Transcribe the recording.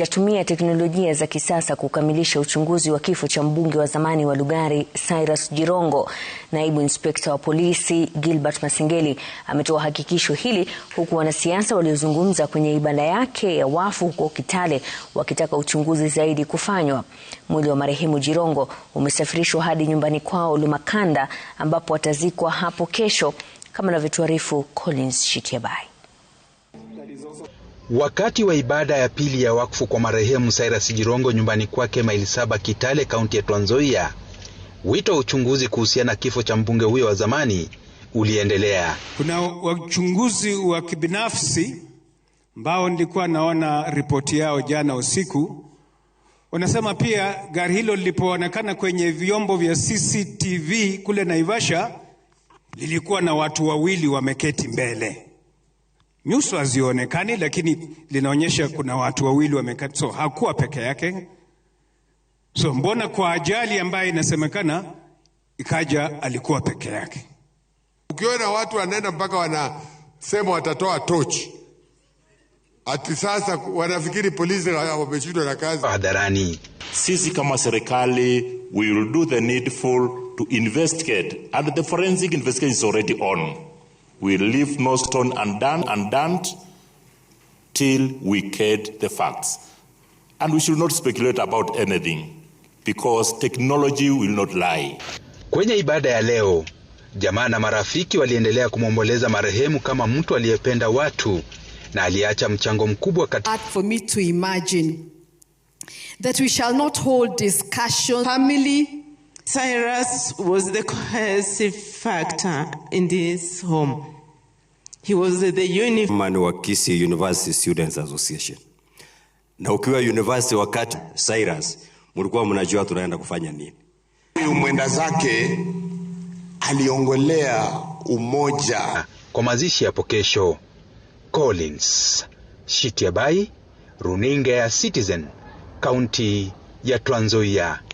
Itatumia teknolojia za kisasa kukamilisha uchunguzi wa kifo cha mbunge wa zamani wa Lugari Cyrus Jirongo. Naibu inspekta wa polisi Gilbert Masengeli ametoa hakikisho hili huku wanasiasa waliozungumza kwenye ibada yake ya wafu huko Kitale wakitaka uchunguzi zaidi kufanywa. Mwili wa marehemu Jirongo umesafirishwa hadi nyumbani kwao Lumakanda ambapo atazikwa hapo kesho, kama anavyotuarifu Collins Shitiabai. Wakati wa ibada ya pili ya wakfu kwa marehemu Cyrus Jirongo nyumbani kwake maili saba Kitale, kaunti ya Trans Nzoia, wito wa uchunguzi kuhusiana na kifo cha mbunge huyo wa zamani uliendelea. Kuna wachunguzi wa kibinafsi ambao nilikuwa naona ripoti yao jana usiku, wanasema pia gari hilo lilipoonekana kwenye vyombo vya CCTV kule Naivasha lilikuwa na watu wawili wameketi mbele nyuso hazionekani, lakini linaonyesha kuna watu wawili wamekaa. So hakuwa peke yake. So mbona kwa ajali ambayo inasemekana ikaja alikuwa peke yake? Ukiona watu wanaenda mpaka wanasema watatoa tochi ati sasa wanafikiri polisi wameshindwa na kazi hadharani. Sisi kama serikali we will do the needful to investigate and the forensic investigation is already on We leave no stone undone, undone till we get the facts. And we should not speculate about anything because technology will not lie. Kwenye ibada ya leo, jamaa na marafiki waliendelea kumwomboleza marehemu kama mtu aliyependa watu na aliacha mchango mkubwa katika for me to imagine that we shall not hold discussion family Cyrus was the cohesive factor in this home. He was the chairman wa Kisi University Students Association. Na ukiwa university wakati Cyrus, mlikuwa mnajua tunaenda kufanya nini. Huyu mwenda zake aliongolea umoja kwa mazishi hapo kesho. Collins Shitiabai, runinga ya Citizen, kaunti ya Trans Nzoia.